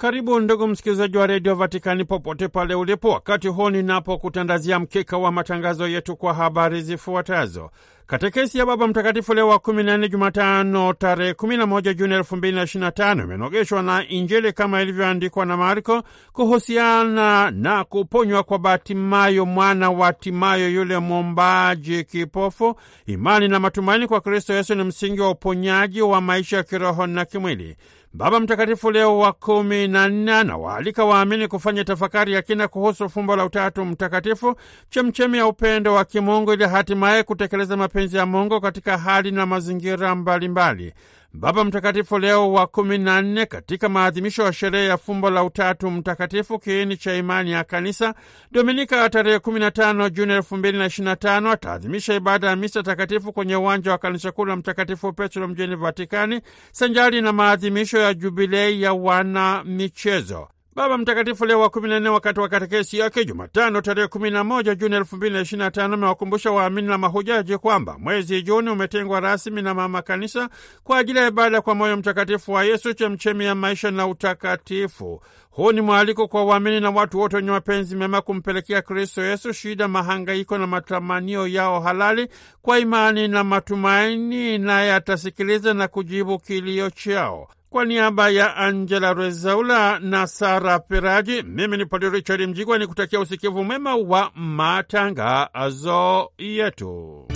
Karibu ndugu msikilizaji wa redio Vatikani popote pale ulipo, wakati huu ninapokutandazia mkeka wa matangazo yetu kwa habari zifuatazo. Katekesi ya Baba Mtakatifu Leo wa 14 Jumatano tarehe 11 Juni 2025 imenogeshwa na Injili kama ilivyoandikwa na Marko kuhusiana na kuponywa kwa Batimayo mwana wa Timayo, yule mwombaji kipofu. Imani na matumaini kwa Kristo Yesu ni msingi wa uponyaji wa maisha ya kiroho na kimwili. Baba Mtakatifu Leo wa kumi na nne anawaalika waamini kufanya tafakari ya kina kuhusu fumbo la Utatu Mtakatifu, chemchemi ya upendo wa Kimungu, ili hatimaye kutekeleza mapenzi ya Mungu katika hali na mazingira mbalimbali mbali. Baba Mtakatifu Leo wa kumi na nne katika maadhimisho ya sherehe ya fumbo la Utatu Mtakatifu, kiini cha imani ya Kanisa, Dominika tarehe 15 Juni tano, ataadhimisha ibada ya misa takatifu kwenye uwanja wa kanisa kuu la Mtakatifu Petro mjini Vatikani, sanjari na maadhimisho ya jubilei ya wana michezo Baba Mtakatifu Leo wa kumi na nne wakati wa katekesi yake Jumatano tarehe kumi na moja Juni elfu mbili na na tano amewakumbusha waamini na mahujaji kwamba mwezi Juni umetengwa rasmi na Mama Kanisa kwa ajili ya ibada kwa moyo mtakatifu wa Yesu, chemchemi ya maisha na utakatifu. Huu ni mwaliko kwa waamini na watu wote wenye mapenzi mema kumpelekea Kristo Yesu shida, mahangaiko na matamanio yao halali kwa imani na matumaini, naye atasikiliza na kujibu kilio chao. Kwa niaba ya Angela Rezaula na Sara Peraji, mimi ni Padre Richard Mjigwa ni kutakia usikivu mwema wa matangazo yetu.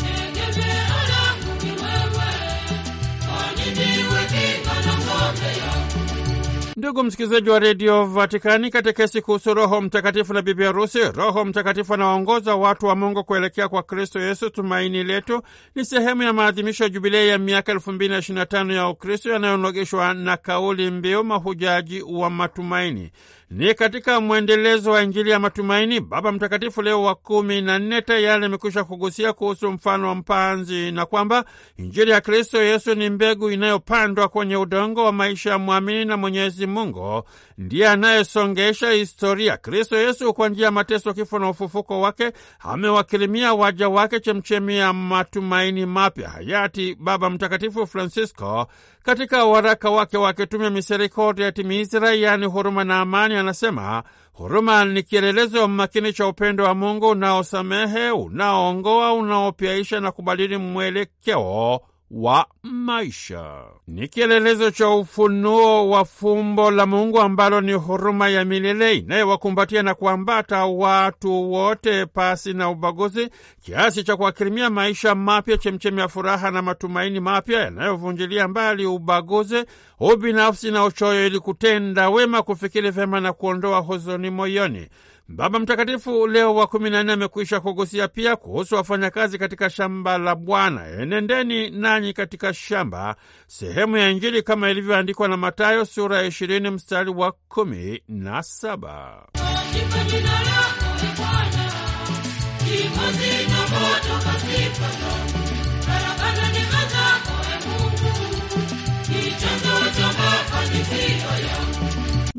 Ndugu msikilizaji wa redio Vatikani, katekesi kuhusu Roho Mtakatifu na bibi harusi. Roho Mtakatifu anawaongoza watu wa Mungu kuelekea kwa Kristo Yesu, tumaini letu, ni sehemu ya maadhimisho ya jubilei ya miaka elfu mbili na tano ya Ukristo yanayonogeshwa na kauli mbiu mahujaji wa matumaini. Ni katika mwendelezo wa Injili ya matumaini, Baba Mtakatifu Leo wa kumi na nne tayari amekwisha kugusia kuhusu mfano wa mpanzi na kwamba Injili ya Kristo Yesu ni mbegu inayopandwa kwenye udongo wa maisha ya mwamini, na Mwenyezi Mungu ndiye anayesongesha historia. Kristo Yesu kwa njia ya mateso, kifo na ufufuko wake amewakirimia waja wake chemchemi ya matumaini mapya. Hayati Baba Mtakatifu Francisco katika waraka wake wa kitume Misericordia et Misera, yaani huruma na amani anasema huruma ni kielelezo makini cha upendo wa Mungu unaosamehe, unaoongoa, unaopyaisha na kubadili mwelekeo wa maisha. Ni kielelezo cha ufunuo wa fumbo la Mungu ambalo ni huruma ya milele inayowakumbatia na kuambata watu wote pasi na ubaguzi, kiasi cha kuakirimia maisha mapya, chemchemi ya furaha na matumaini mapya yanayovunjilia mbali ubaguzi, ubinafsi na uchoyo, ili kutenda wema, kufikiri vyema na kuondoa huzuni moyoni. Baba Mtakatifu Leo wa kumi na nne amekwisha kugusia pia kuhusu wafanyakazi katika shamba la Bwana. Enendeni nanyi katika shamba, sehemu ya Injili kama ilivyoandikwa na matayo sura ya ishirini mstari wa kumi na saba.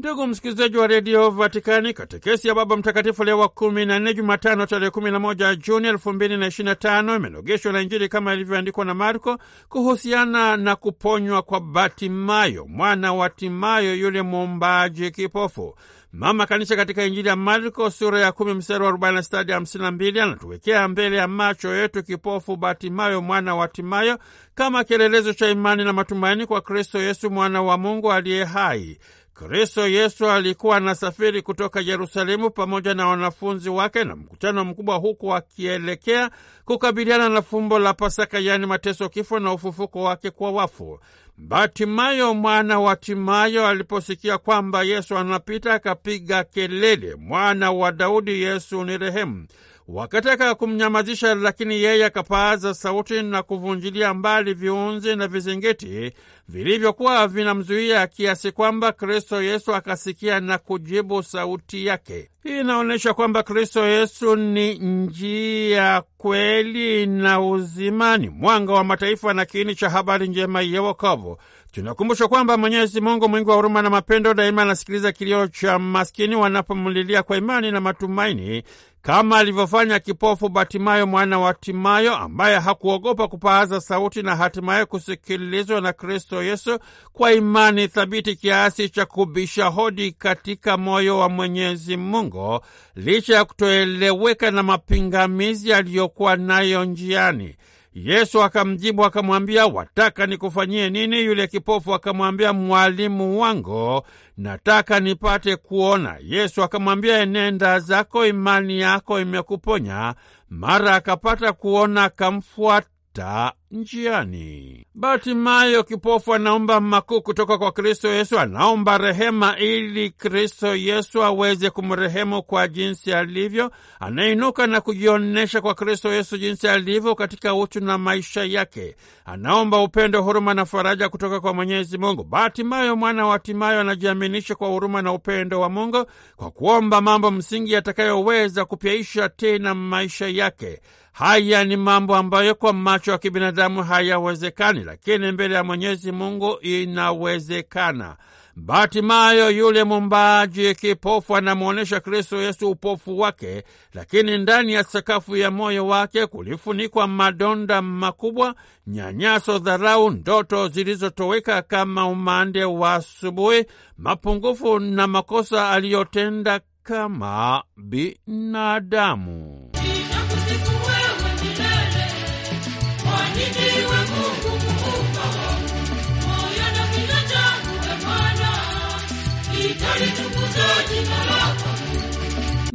Ndugu msikilizaji wa redio Vatikani, katekesi ya Baba Mtakatifu Leo wa kumi na nne, Jumatano tarehe kumi na moja Juni elfu mbili na ishirini na tano imenogeshwa na Injili kama ilivyoandikwa na Marko kuhusiana na kuponywa kwa Batimayo mwana wa Timayo, yule mwombaji kipofu. Mama Kanisa katika Injili ya Marko sura ya kumi mstari wa arobaini na sita hadi hamsini na mbili anatuwekea mbele ya macho yetu kipofu Batimayo mwana wa Timayo kama kielelezo cha imani na matumaini kwa Kristo Yesu mwana wa Mungu aliye hai. Kristo Yesu alikuwa anasafiri kutoka Yerusalemu pamoja na wanafunzi wake na mkutano mkubwa, huku akielekea kukabiliana na fumbo la Pasaka, yaani mateso, kifo na ufufuko wake kwa wafu. Batimayo mwana wa Timayo aliposikia kwamba Yesu anapita, akapiga kelele, mwana wa Daudi, Yesu ni rehemu wakataka kumnyamazisha, lakini yeye akapaaza sauti na kuvunjilia mbali viunzi na vizingiti vilivyokuwa vinamzuia, kiasi kwamba Kristo Yesu akasikia na kujibu sauti yake. Hii inaonyesha kwamba Kristo Yesu ni njia, kweli na uzima, ni mwanga wa mataifa na kiini cha habari njema ya wokovu. Tunakumbushwa kwamba Mwenyezi Mungu mwingi wa huruma na mapendo daima anasikiliza kilio cha maskini wanapomlilia kwa imani na matumaini, kama alivyofanya kipofu Batimayo mwana wa Timayo, ambaye hakuogopa kupaaza sauti na hatimaye kusikilizwa na Kristo Yesu kwa imani thabiti kiasi cha kubisha hodi katika moyo wa Mwenyezi Mungu, licha ya kutoeleweka na mapingamizi aliyokuwa nayo njiani. Yesu akamjibu akamwambia, wataka nikufanyie nini? Yule kipofu akamwambia, mwalimu wangu, nataka nipate kuona. Yesu akamwambia, enenda zako, imani yako imekuponya. Mara akapata kuona, akamfuata njiani. Batimayo kipofu anaomba makuu kutoka kwa Kristo Yesu, anaomba rehema ili Kristo Yesu aweze kumrehemu kwa jinsi alivyo. Anainuka na kujionyesha kwa Kristo Yesu jinsi alivyo katika utu na maisha yake. Anaomba upendo, huruma na faraja kutoka kwa Mwenyezi Mungu. Batimayo, mwana wa Timayo, anajiaminisha kwa huruma na upendo wa Mungu kwa kuomba mambo msingi yatakayoweza kupyaisha tena maisha yake. Haya ni mambo ambayo kwa macho ya kibinadamu binadamu hayawezekani, lakini mbele ya Mwenyezi Mungu inawezekana. Batimayo yule mumbaji kipofu anamwonyesha Kristo Yesu upofu wake, lakini ndani ya sakafu ya moyo wake kulifunikwa madonda makubwa, nyanyaso, dharau, ndoto zilizotoweka kama umande wa asubuhi, mapungufu na makosa aliyotenda kama binadamu.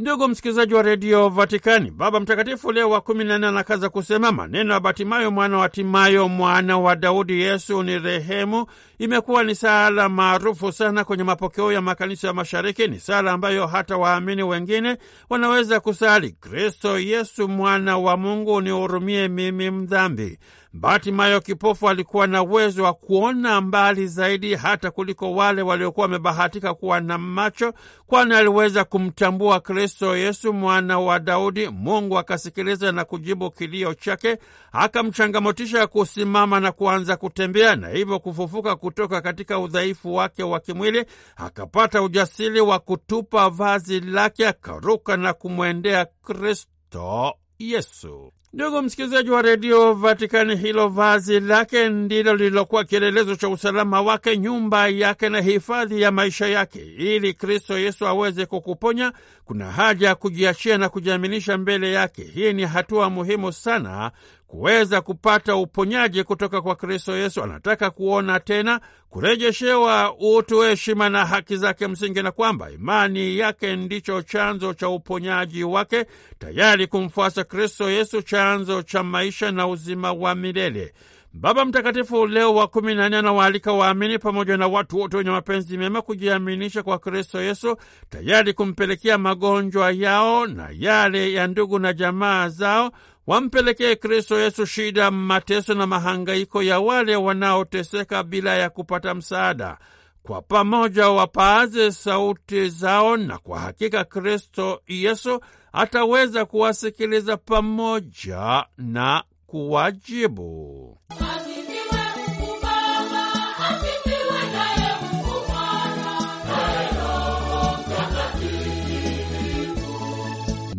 Ndugu msikilizaji wa redio Vatikani, Baba Mtakatifu Leo wa kumi na nne anakaza kusema maneno ya Batimayo mwana wa Timayo mwana wa Daudi, Yesu ni rehemu imekuwa ni sala maarufu sana kwenye mapokeo ya makanisa ya Mashariki. Ni sala ambayo hata waamini wengine wanaweza kusali: Kristo Yesu mwana wa Mungu, unihurumie mimi mdhambi. Bartimayo kipofu alikuwa na uwezo wa kuona mbali zaidi hata kuliko wale waliokuwa wamebahatika kuwa na macho, kwani aliweza kumtambua Kristo Yesu mwana wa Daudi. Mungu akasikiliza na kujibu kilio chake, akamchangamotisha kusimama na kuanza kutembea na hivyo kufufuka kutu kutoka katika udhaifu wake wa kimwili, akapata ujasiri wa kutupa vazi lake, akaruka na kumwendea Kristo Yesu. Ndugu msikilizaji wa redio Vatikani, hilo vazi lake ndilo lililokuwa kielelezo cha usalama wake, nyumba yake na hifadhi ya maisha yake. Ili Kristo Yesu aweze kukuponya, kuna haja ya kujiachia na kujiaminisha mbele yake. Hii ni hatua muhimu sana kuweza kupata uponyaji kutoka kwa Kristo Yesu. Anataka kuona tena kurejeshewa utu, heshima na haki zake msingi, na kwamba imani yake ndicho chanzo cha uponyaji wake, tayari kumfuasa Kristo Yesu, chanzo cha maisha na uzima wa milele. Baba Mtakatifu Leo wa kumi na nne anawaalika waamini pamoja na watu wote wenye mapenzi mema kujiaminisha kwa Kristo Yesu, tayari kumpelekea magonjwa yao na yale ya ndugu na jamaa zao wampelekee Kristo Yesu shida, mateso na mahangaiko ya wale wanaoteseka bila ya kupata msaada. Kwa pamoja wapaaze sauti zao, na kwa hakika Kristo Yesu ataweza kuwasikiliza pamoja na kuwajibu.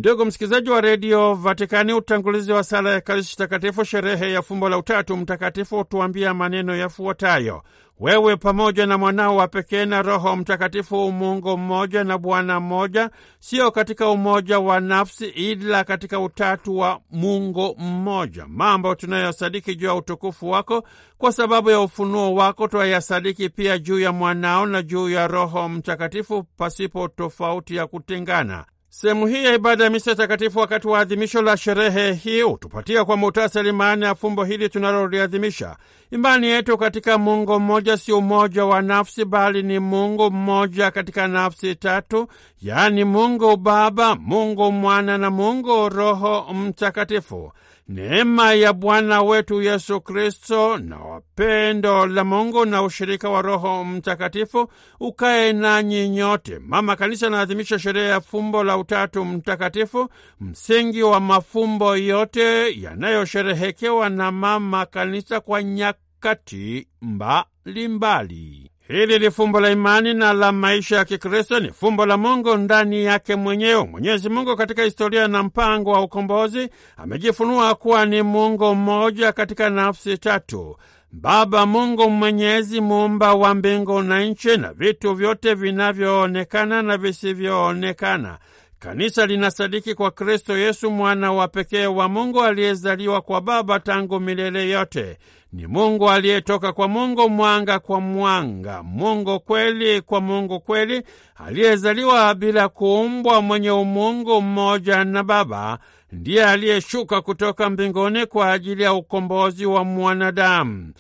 Ndugu msikilizaji wa redio Vatikani, utangulizi wa sala ya Ekaristi Takatifu, sherehe ya fumbo la Utatu Mtakatifu hutuambia maneno yafuatayo: wewe pamoja na mwanao wa pekee na Roho Mtakatifu, Mungu mmoja na Bwana mmoja, sio katika umoja wa nafsi, ila katika utatu wa Mungu mmoja. Mambo tunayoyasadiki juu ya utukufu wako kwa sababu ya ufunuo wako, twayasadiki pia juu ya mwanao na juu ya Roho Mtakatifu, pasipo tofauti ya kutengana. Sehemu hii ya ibada ya misa takatifu wakati wa adhimisho la sherehe hii hutupatia kwa muhtasari maana ya fumbo hili tunaloliadhimisha. Imani yetu katika Mungu mmoja si umoja wa nafsi, bali ni Mungu mmoja katika nafsi tatu, yaani Mungu Baba, Mungu Mwana na Mungu Roho Mtakatifu. Neema ya Bwana wetu Yesu Kristo na wapendo la Mungu na ushirika wa Roho Mtakatifu ukae nanyi nyote. Mama Kanisa anaadhimisha sherehe ya fumbo la Utatu Mtakatifu, msingi wa mafumbo yote yanayosherehekewa na Mama Kanisa kwa nyakati mbalimbali. Hili ni fumbo la imani na la maisha ya Kikristo, ni fumbo la Mungu ndani yake mwenyewe. Mwenyezi Mungu katika historia na mpango wa ukombozi amejifunua kuwa ni Mungu mmoja katika nafsi tatu: Baba Mungu Mwenyezi, muumba wa mbingu na nchi na vitu vyote vinavyoonekana na visivyoonekana. Kanisa linasadiki kwa Kristo Yesu, mwana wa pekee wa Mungu aliyezaliwa kwa Baba tangu milele yote ni Mungu aliyetoka kwa Mungu, mwanga kwa mwanga, Mungu kweli kwa Mungu kweli, aliyezaliwa bila kuumbwa, mwenye umungu mmoja na Baba, ndiye aliyeshuka kutoka mbinguni kwa ajili ya ukombozi wa mwanadamu.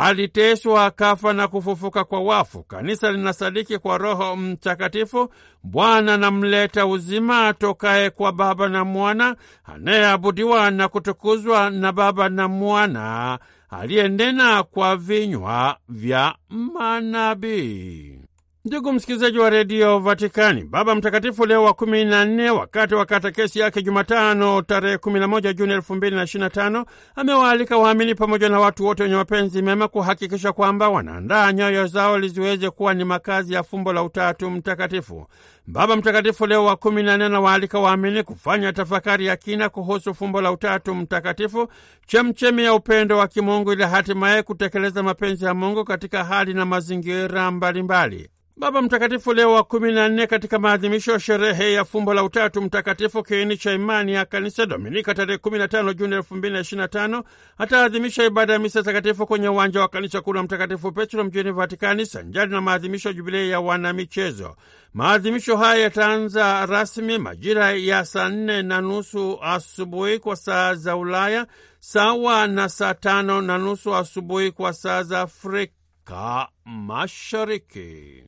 Aliteswa, akafa na kufufuka kwa wafu. Kanisa linasadiki kwa Roho Mtakatifu, Bwana na mleta uzima, atokaye kwa Baba na Mwana, anayeabudiwa na kutukuzwa na Baba na Mwana aliyenena kwa vinywa vya manabii. Ndugu msikilizaji wa redio Vatikani, Baba Mtakatifu Leo wa kumi na nne, wakati wa katekesi yake Jumatano tarehe 11 Juni 2025 amewaalika waamini pamoja na watu wote wenye mapenzi mema kuhakikisha kwamba wanaandaa nyoyo zao liziweze kuwa ni makazi ya fumbo la Utatu Mtakatifu. Baba Mtakatifu Leo wa kumi na nne anawaalika waamini kufanya tafakari ya kina kuhusu fumbo la Utatu Mtakatifu, chemchemi ya upendo wa Kimungu, ili hatimaye kutekeleza mapenzi ya Mungu katika hali na mazingira mbalimbali mbali. Baba Mtakatifu Leo wa kumi na nne katika maadhimisho ya sherehe ya fumbo la Utatu Mtakatifu, kiini cha imani ya Kanisa, Dominika tarehe 15 Juni na tano ataadhimisha ibada ya misa takatifu kwenye uwanja wa kanisa kuu la Mtakatifu Petro mjini Vatikani, sanjari na maadhimisho ya jubilei ya wanamichezo. Maadhimisho haya yataanza rasmi majira ya saa nne na nusu asubuhi kwa saa za Ulaya, sawa na saa tano na nusu asubuhi kwa saa za Afrika Mashariki.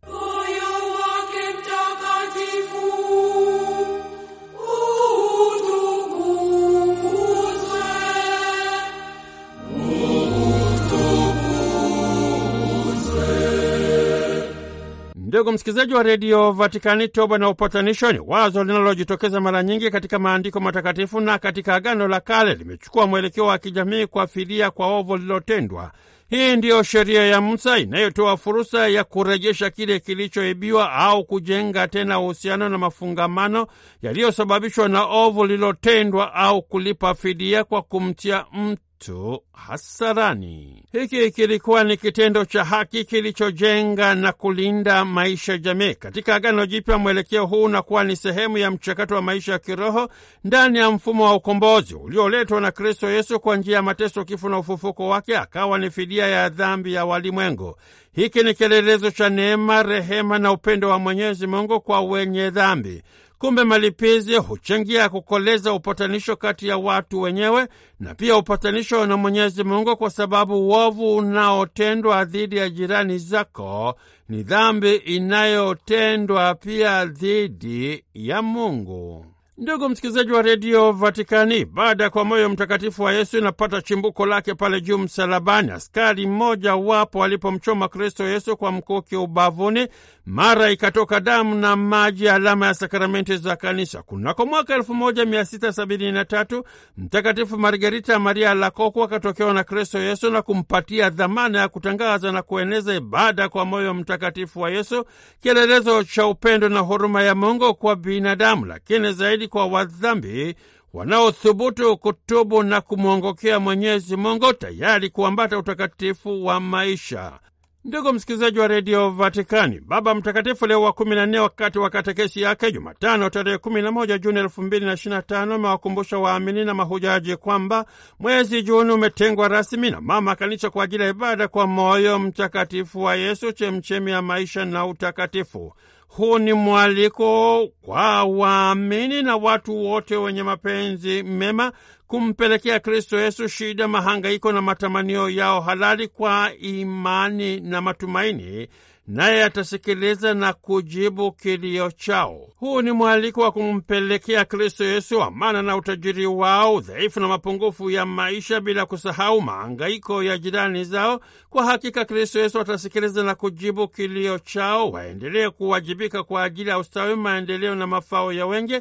Ndugu msikilizaji wa redio Vatikani, toba na upatanisho ni wazo linalojitokeza mara nyingi katika maandiko matakatifu na katika Agano la Kale. Limechukua mwelekeo wa kijamii, kuafiria kwa ovu lilotendwa. Hii ndiyo sheria ya Musa inayotoa fursa ya kurejesha kile kilichoibiwa au kujenga tena uhusiano na mafungamano yaliyosababishwa na ovu lililotendwa au kulipa fidia kwa kumtia mtu watu hasarani. Hiki kilikuwa ni kitendo cha haki kilichojenga na kulinda maisha jamii. Katika Agano Jipya, mwelekeo huu unakuwa ni sehemu ya mchakato wa maisha ya kiroho ndani ya mfumo wa ukombozi ulioletwa na Kristo Yesu kwa njia ya mateso, kifo na ufufuko wake, akawa ni fidia ya dhambi ya walimwengu. Hiki ni kielelezo cha neema, rehema na upendo wa Mwenyezi Mungu kwa wenye dhambi. Kumbe malipizi huchangia kukoleza upatanisho kati ya watu wenyewe na pia upatanisho na Mwenyezi Mungu, kwa sababu uovu unaotendwa dhidi ya jirani zako ni dhambi inayotendwa pia dhidi ya Mungu. Ndugu msikilizaji wa redio Vatikani, ibada kwa moyo mtakatifu wa Yesu inapata chimbuko lake pale juu msalabani. Askari mmoja wapo alipomchoma Kristo Yesu kwa mkuki ubavuni, mara ikatoka damu na maji, alama ya sakramenti za Kanisa. Kunako mwaka 1673 Mtakatifu Margarita Maria lakoku akatokewa na Kristo Yesu na kumpatia dhamana ya kutangaza na kueneza ibada kwa moyo mtakatifu wa Yesu, kielelezo cha upendo na huruma ya Mungu kwa binadamu, lakini zaidi zaidi kwa wadhambi wanaothubutu kutubu na kumwongokea Mwenyezi Mungu, tayari kuambata utakatifu wa maisha. Ndugu msikilizaji wa redio Vatikani, Baba Mtakatifu Leo wa kumi na nne wakati wa katekesi yake Jumatano tarehe kumi na moja Juni elfu mbili na na tano amewakumbusha waamini na mahujaji kwamba mwezi Juni umetengwa rasmi na Mama Kanisa kwa ajili ya ibada kwa moyo mtakatifu wa Yesu, chemchemi ya maisha na utakatifu. Huu ni mwaliko kwa waamini na watu wote wenye mapenzi mema kumpelekea Kristo Yesu shida, mahangaiko na matamanio yao halali kwa imani na matumaini naye atasikiliza na kujibu kilio chao. Huu ni mwaliko wa kumpelekea Kristo Yesu amana na utajiri wao, udhaifu na mapungufu ya maisha, bila kusahau maangaiko ya jirani zao. Kwa hakika Kristo Yesu atasikiliza na kujibu kilio chao. Waendelee kuwajibika kwa ajili ya ustawi, maendeleo na mafao ya wengi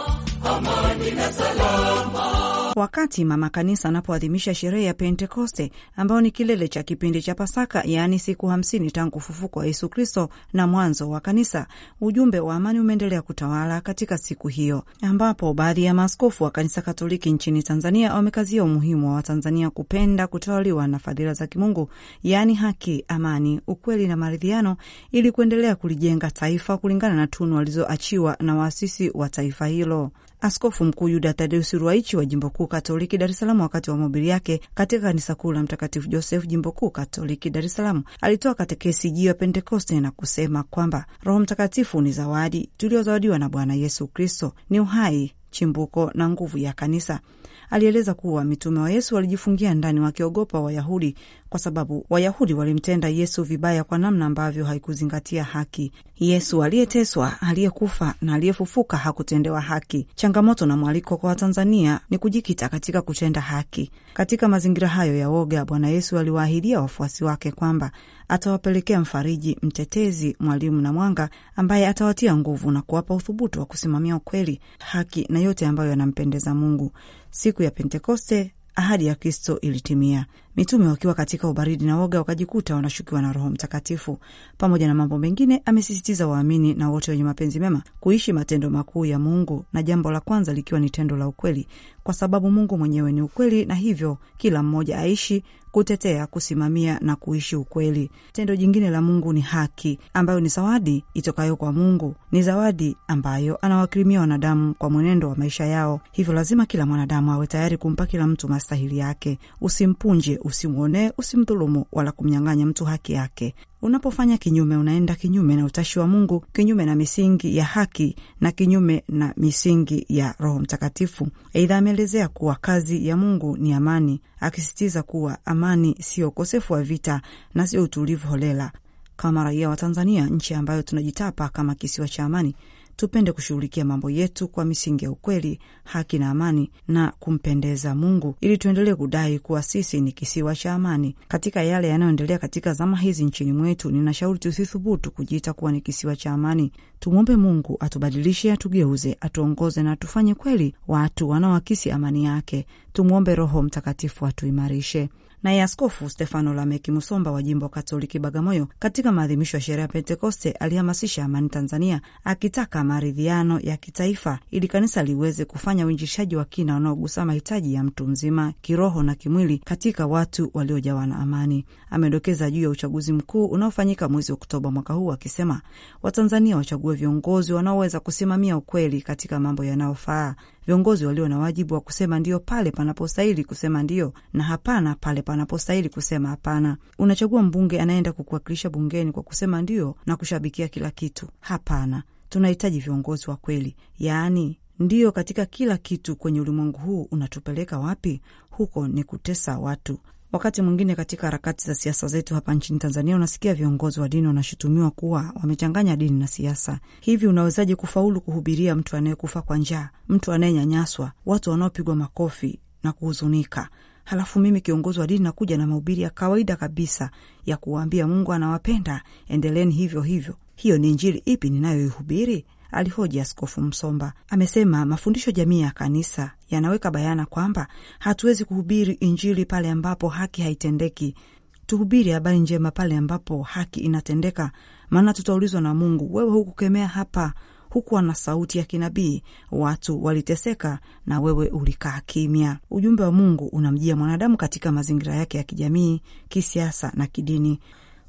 salama. Wakati mama kanisa anapoadhimisha sherehe ya Pentekoste ambayo ni kilele cha kipindi cha Pasaka, yaani siku hamsini tangu ufufuko wa Yesu Kristo na mwanzo wa kanisa, ujumbe wa amani umeendelea kutawala katika siku hiyo, ambapo baadhi ya maaskofu wa kanisa Katoliki nchini Tanzania wamekazia umuhimu wa Watanzania kupenda kutawaliwa na fadhila za kimungu, yaani haki, amani, ukweli na maridhiano, ili kuendelea kulijenga taifa kulingana na tunu walizoachiwa na waasisi wa taifa hilo. Askofu Mkuu Yuda Tadeusi Ruwaichi wa Jimbo Kuu Katoliki Dar es Salaam, wakati wa mahubiri yake katika Kanisa Kuu la Mtakatifu Josefu, Jimbo Kuu Katoliki Dar es Salaam, alitoa katekesi juu ya Pentekoste na kusema kwamba Roho Mtakatifu ni zawadi tuliozawadiwa na Bwana Yesu Kristo, ni uhai, chimbuko na nguvu ya kanisa. Alieleza kuwa mitume wa Yesu walijifungia ndani wakiogopa Wayahudi kwa sababu Wayahudi walimtenda Yesu vibaya kwa namna ambavyo haikuzingatia haki. Yesu aliyeteswa, aliyekufa na aliyefufuka hakutendewa haki. Changamoto na mwaliko kwa Watanzania ni kujikita katika kutenda haki. Katika mazingira hayo ya woga, Bwana Yesu aliwaahidia wafuasi wake kwamba atawapelekea mfariji, mtetezi, mwalimu na mwanga ambaye atawatia nguvu na kuwapa uthubutu wa kusimamia ukweli, haki na yote ambayo yanampendeza Mungu. Siku ya Pentekoste ahadi ya Kristo ilitimia. Mitume wakiwa katika ubaridi na woga wakajikuta wanashukiwa na Roho Mtakatifu. Pamoja na mambo mengine, amesisitiza waamini na wote wenye mapenzi mema kuishi matendo makuu ya Mungu, na jambo la kwanza likiwa ni tendo la ukweli, kwa sababu Mungu mwenyewe ni ukweli, na hivyo kila mmoja aishi kutetea, kusimamia na kuishi ukweli. Tendo jingine la Mungu ni haki, ambayo ni zawadi itokayo kwa Mungu. Ni zawadi ambayo anawakirimia wanadamu kwa mwenendo wa maisha yao, hivyo lazima kila mwanadamu awe tayari kumpa kila mtu mastahili yake. Usimpunje usimwonee, usimdhulumu wala kumnyang'anya mtu haki yake. Unapofanya kinyume, unaenda kinyume na utashi wa Mungu, kinyume na misingi ya haki na kinyume na misingi ya Roho Mtakatifu. Aidha, ameelezea kuwa kazi ya Mungu ni amani, akisisitiza kuwa amani sio ukosefu wa vita na sio utulivu holela. Kama raia wa Tanzania, nchi ambayo tunajitapa kama kisiwa cha amani tupende kushughulikia mambo yetu kwa misingi ya ukweli, haki na amani na kumpendeza Mungu, ili tuendelee kudai kuwa sisi ni kisiwa cha amani. Katika yale yanayoendelea katika zama hizi nchini mwetu, ninashauri tusithubutu kujiita kuwa ni kisiwa cha amani. Tumwombe Mungu atubadilishe, atugeuze, atuongoze na atufanye kweli watu wanaoakisi amani yake. Tumwombe Roho Mtakatifu atuimarishe naye Askofu Stefano Lameki Musomba wa jimbo Katoliki Bagamoyo, katika maadhimisho ya sherehe ya Pentekoste alihamasisha amani Tanzania, akitaka maridhiano ya kitaifa ili kanisa liweze kufanya uinjishaji wa kina unaogusa mahitaji ya mtu mzima kiroho na kimwili katika watu waliojawa na amani. Amedokeza juu ya uchaguzi mkuu unaofanyika mwezi Oktoba mwaka huu akisema, Watanzania wachague viongozi wanaoweza kusimamia ukweli katika mambo yanayofaa viongozi walio na wajibu wa kusema ndio pale panapostahili kusema ndio na hapana pale panapostahili kusema hapana. Unachagua mbunge anaenda kukuwakilisha bungeni kwa kusema ndio na kushabikia kila kitu? Hapana, tunahitaji viongozi wa kweli, yaani ndio katika kila kitu. Kwenye ulimwengu huu unatupeleka wapi? Huko ni kutesa watu. Wakati mwingine katika harakati za siasa zetu hapa nchini Tanzania, unasikia viongozi wa dini wanashutumiwa kuwa wamechanganya dini na siasa. Hivi unawezaje kufaulu kuhubiria mtu anayekufa kwa njaa, mtu anayenyanyaswa, watu wanaopigwa makofi na kuhuzunika Halafu mimi kiongozi wa dini nakuja na mahubiri ya kawaida kabisa ya kuwaambia Mungu anawapenda, endeleni hivyo hivyo. Hiyo ni injili ipi ninayoihubiri? alihoji Askofu Msomba. Amesema mafundisho jamii ya kanisa yanaweka bayana kwamba hatuwezi kuhubiri Injili pale ambapo haki haitendeki. Tuhubiri habari njema pale ambapo haki inatendeka, maana tutaulizwa na Mungu, wewe hukukemea hapa hukuwa na sauti ya kinabii, watu waliteseka na wewe ulikaa kimya. Ujumbe wa Mungu unamjia mwanadamu katika mazingira yake ya kijamii, kisiasa na kidini.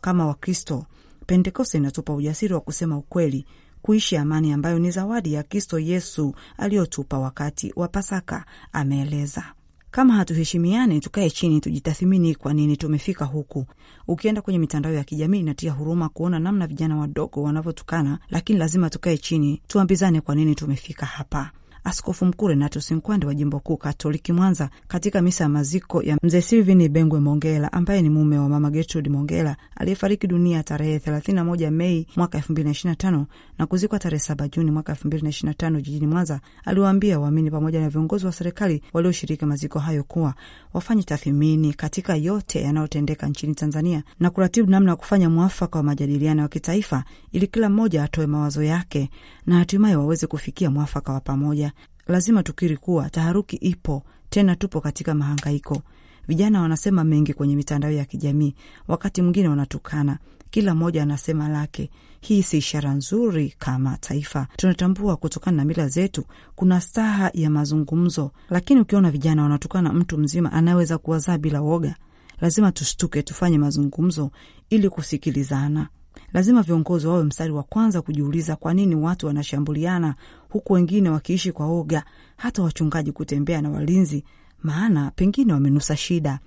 Kama Wakristo, Pentekoste inatupa ujasiri wa kusema ukweli kuishi amani ambayo ni zawadi ya Kristo Yesu aliyotupa wakati wa Pasaka, ameeleza. Kama hatuheshimiane, tukae chini, tujitathimini kwa nini tumefika huku. Ukienda kwenye mitandao ya kijamii inatia huruma kuona namna vijana wadogo wanavyotukana, lakini lazima tukae chini, tuambizane kwa nini tumefika hapa. Askofu Mkuu Renatus Nkwande wa jimbo kuu Katoliki Mwanza, katika misa ya maziko ya mzee Silvini Bengwe Mongela ambaye ni mume wa mama Gertrude Mongela aliyefariki dunia tarehe 31 Mei mwaka 2025 na kuzikwa tarehe 7 Juni mwaka 2025 jijini Mwanza, aliwaambia waamini pamoja na viongozi wa serikali walioshiriki maziko hayo kuwa wafanye tathmini katika yote yanayotendeka nchini Tanzania na kuratibu namna ya kufanya mwafaka wa majadiliano ya kitaifa ili kila mmoja atoe mawazo yake na hatimaye waweze kufikia mwafaka wa pamoja. Lazima tukiri kuwa taharuki ipo, tena tupo katika mahangaiko. Vijana wanasema mengi kwenye mitandao ya kijamii, wakati mwingine wanatukana, kila mmoja anasema lake. Hii si ishara nzuri. Kama taifa, tunatambua kutokana na mila zetu kuna staha ya mazungumzo, lakini ukiona vijana wanatukana mtu mzima anaweza kuwazaa bila woga, lazima tushtuke, tufanye mazungumzo ili kusikilizana. Lazima viongozi wawe mstari wa kwanza kujiuliza kwa nini watu wanashambuliana, huku wengine wakiishi kwa oga, hata wachungaji kutembea na walinzi, maana pengine wamenusa shida.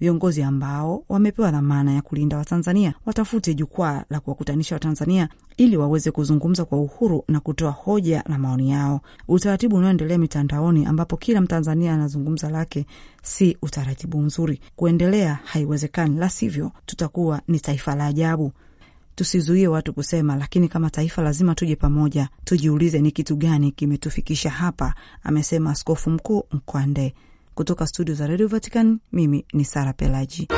Viongozi ambao wamepewa dhamana ya kulinda Watanzania watafute jukwaa la kuwakutanisha Watanzania ili waweze kuzungumza kwa uhuru na kutoa hoja na maoni yao. Utaratibu unaoendelea mitandaoni, ambapo kila Mtanzania anazungumza lake, si utaratibu mzuri. Kuendelea haiwezekani, la sivyo tutakuwa ni taifa la ajabu tusizuie watu kusema, lakini kama taifa lazima tuje pamoja, tujiulize ni kitu gani kimetufikisha hapa, amesema Askofu Mkuu Mkwande. Kutoka studio za redio Vatican, mimi ni Sara Pelaji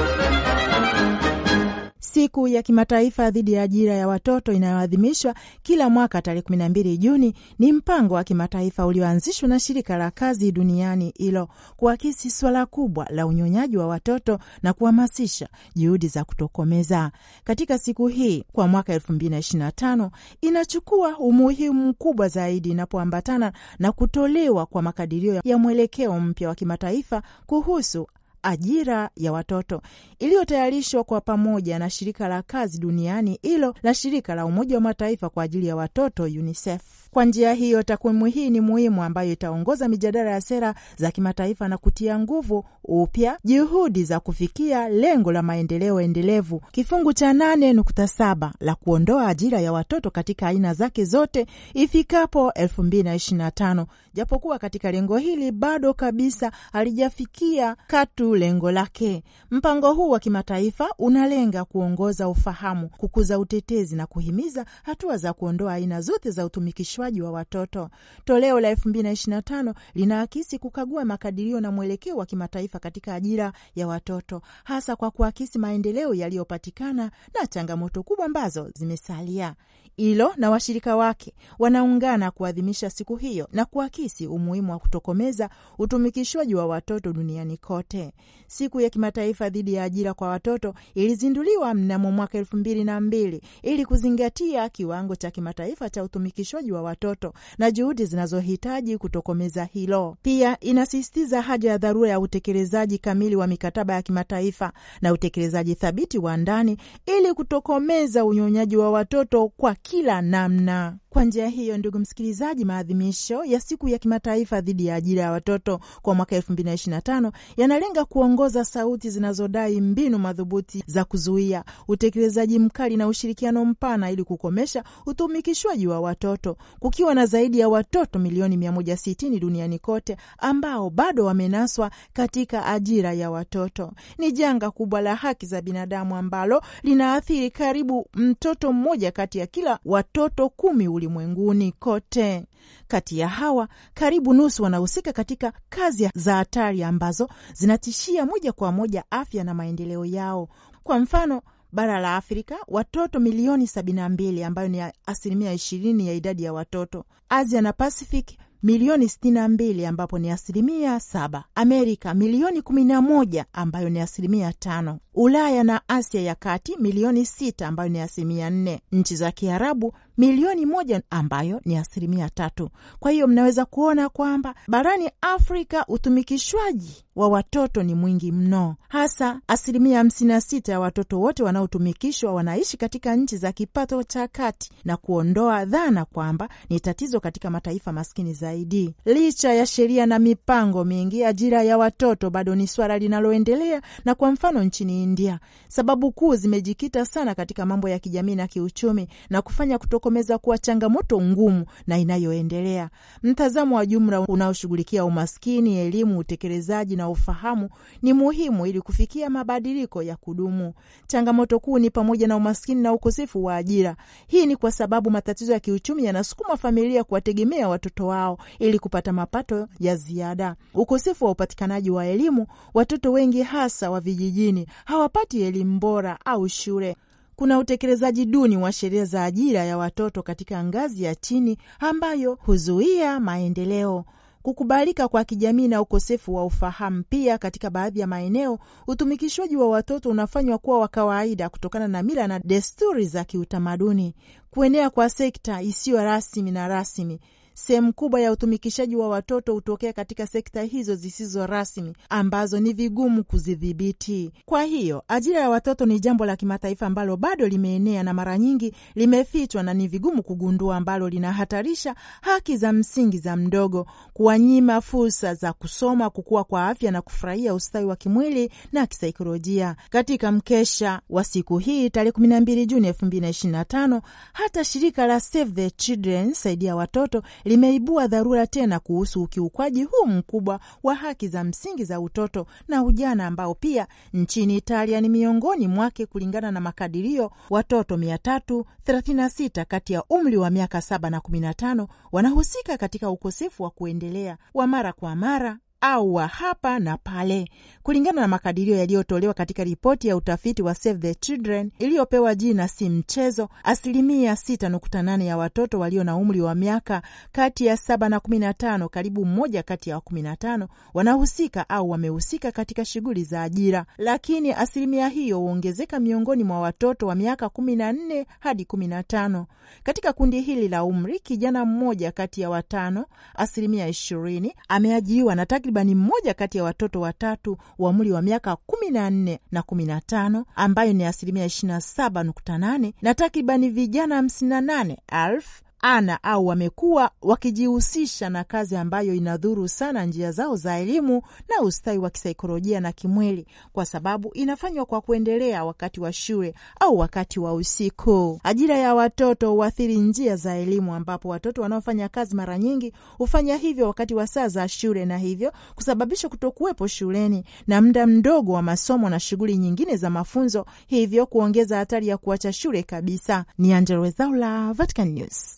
siku ya kimataifa dhidi ya ajira ya watoto inayoadhimishwa kila mwaka tarehe 12 Juni ni mpango wa kimataifa ulioanzishwa na shirika la kazi duniani hilo kuakisi swala kubwa la unyonyaji wa watoto na kuhamasisha juhudi za kutokomeza. Katika siku hii kwa mwaka 2025 inachukua umuhimu mkubwa zaidi inapoambatana na kutolewa kwa makadirio ya mwelekeo mpya wa kimataifa kuhusu ajira ya watoto iliyotayarishwa kwa pamoja na shirika la kazi duniani hilo la shirika la Umoja wa Mataifa kwa ajili ya watoto UNICEF. Kwa njia hiyo, takwimu hii ni muhimu ambayo itaongoza mijadala ya sera za kimataifa na kutia nguvu upya juhudi za kufikia lengo la maendeleo endelevu kifungu cha 8.7 la kuondoa ajira ya watoto katika aina zake zote ifikapo 2025 japokuwa katika lengo hili bado kabisa halijafikia katu lengo lake. Mpango huu wa kimataifa unalenga kuongoza ufahamu, kukuza utetezi na kuhimiza hatua za kuondoa aina zote za utumikishwaji wa watoto. Toleo la 2025 linaakisi kukagua makadirio na mwelekeo wa kimataifa katika ajira ya watoto, hasa kwa kuakisi maendeleo yaliyopatikana na changamoto kubwa ambazo zimesalia. Ilo na washirika wake wanaungana kuadhimisha siku hiyo na kuakisi umuhimu wa kutokomeza utumikishwaji wa watoto duniani kote. Siku ya kimataifa dhidi ya ajira kwa watoto ilizinduliwa mnamo mwaka elfu mbili na mbili ili kuzingatia kiwango cha kimataifa cha utumikishwaji wa watoto na juhudi zinazohitaji kutokomeza hilo. Pia inasisitiza haja ya dharura ya utekelezaji kamili wa mikataba ya kimataifa na utekelezaji thabiti wa ndani ili kutokomeza unyonyaji wa watoto kwa kila namna. Kwa njia hiyo, ndugu msikilizaji, maadhimisho ya siku ya kimataifa dhidi ya ajira ya watoto kwa mwaka 2025 yanalenga kuongoza sauti zinazodai mbinu madhubuti za kuzuia utekelezaji mkali na ushirikiano mpana ili kukomesha utumikishwaji wa watoto, kukiwa na zaidi ya watoto milioni 160 duniani kote ambao bado wamenaswa katika ajira ya watoto. Ni janga kubwa la haki za binadamu ambalo linaathiri karibu mtoto mmoja kati ya kila watoto kumi ulimwenguni kote. Kati ya hawa karibu nusu wanahusika katika kazi za hatari ambazo zinatishia moja kwa moja afya na maendeleo yao. Kwa mfano bara la Afrika watoto milioni 72 ambayo ni asilimia 20 ya idadi ya watoto. Asia na Pacific milioni 62 ambapo ni asilimia 7. Amerika milioni 11 ambayo ni asilimia tano Ulaya na Asia ya Kati milioni sita ambayo ni asilimia nne, nchi za Kiarabu milioni moja ambayo ni asilimia tatu. Kwa hiyo mnaweza kuona kwamba barani Afrika utumikishwaji wa watoto ni mwingi mno, hasa asilimia hamsini na sita ya watoto wote wanaotumikishwa wanaishi katika nchi za kipato cha kati, na kuondoa dhana kwamba ni tatizo katika mataifa maskini zaidi. Licha ya sheria na mipango mingi, ajira ya watoto bado ni swala linaloendelea, na kwa mfano nchini India. Sababu kuu zimejikita sana katika mambo ya kijamii na kiuchumi na kufanya kutokomeza kuwa changamoto ngumu na inayoendelea. Mtazamo wa jumla unaoshughulikia umaskini, elimu, utekelezaji na ufahamu ni muhimu ili kufikia mabadiliko ya kudumu. Changamoto kuu ni pamoja na umaskini na ukosefu wa ajira. Hii ni kwa sababu matatizo ya kiuchumi yanasukuma familia kuwategemea watoto wao ili kupata mapato ya ziada. Ukosefu wa upatikanaji wa elimu, watoto wengi hasa wa vijijini ha hawapati elimu bora au shule. Kuna utekelezaji duni wa sheria za ajira ya watoto katika ngazi ya chini ambayo huzuia maendeleo. Kukubalika kwa kijamii na ukosefu wa ufahamu pia. Katika baadhi ya maeneo, utumikishwaji wa watoto unafanywa kuwa wa kawaida kutokana na mila na desturi za kiutamaduni. Kuenea kwa sekta isiyo rasmi na rasmi Sehemu kubwa ya utumikishaji wa watoto hutokea katika sekta hizo zisizo rasmi ambazo ni vigumu kuzidhibiti. Kwa hiyo ajira ya watoto ni jambo la kimataifa ambalo bado limeenea na mara nyingi limefichwa na ni vigumu kugundua, ambalo linahatarisha haki za msingi za mdogo, kuwanyima fursa za kusoma, kukua kwa afya na kufurahia ustawi wa kimwili na kisaikolojia. Katika mkesha wa siku hii tarehe 12 Juni 2025, hata shirika la Save the Children, saidia watoto limeibua dharura tena kuhusu ukiukwaji huu mkubwa wa haki za msingi za utoto na ujana ambao pia nchini Italia ni miongoni mwake, kulingana na makadirio, watoto 336 kati ya umri wa miaka 7 na 15 wanahusika katika ukosefu wa kuendelea wa mara kwa mara au wa hapa na pale, kulingana na makadirio yaliyotolewa katika ripoti ya utafiti wa Save the Children iliyopewa jina si mchezo. Asilimia 6.8 ya watoto walio na umri wa miaka kati ya 7 na 15, karibu mmoja kati ya 15 wanahusika au wamehusika katika shughuli za ajira, lakini asilimia hiyo huongezeka miongoni mwa watoto wa miaka 14 hadi 15. Katika kundi hili la umri, kijana mmoja kati ya watano, asilimia 20, ameajiriwa na takribani mmoja kati ya watoto watatu wa umri wa miaka kumi na nne na kumi na tano ambayo ni asilimia 278 na saba nukta nane na takribani vijana 58 nane elfu ana au wamekuwa wakijihusisha na kazi ambayo inadhuru sana njia zao za elimu na ustawi wa kisaikolojia na kimwili, kwa sababu inafanywa kwa kuendelea wakati wa shule au wakati wa usiku. Ajira ya watoto huathiri njia za elimu, ambapo watoto wanaofanya kazi mara nyingi hufanya hivyo wakati wa saa za shule, na hivyo kusababisha kutokuwepo shuleni na muda mdogo wa masomo na shughuli nyingine za mafunzo, hivyo kuongeza hatari ya kuacha shule kabisa. Ni Angella Rwezaula, Vatican News.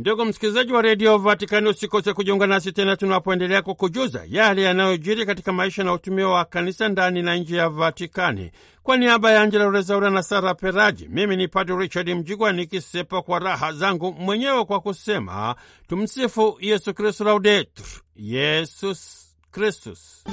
Ndugu msikilizaji wa redio Vatikani, usikose kujiunga nasi tena tunapoendelea kukujuza yale yanayojiri katika maisha na utumio wa kanisa ndani na nje ya Vatikani. Kwa niaba ya Angela Rezaura na Sara Peraji, mimi ni Padre Richard Mjigwa nikisepa kwa raha zangu mwenyewe kwa kusema tumsifu Yesu Kristu, Laudetur Yesus Kristus.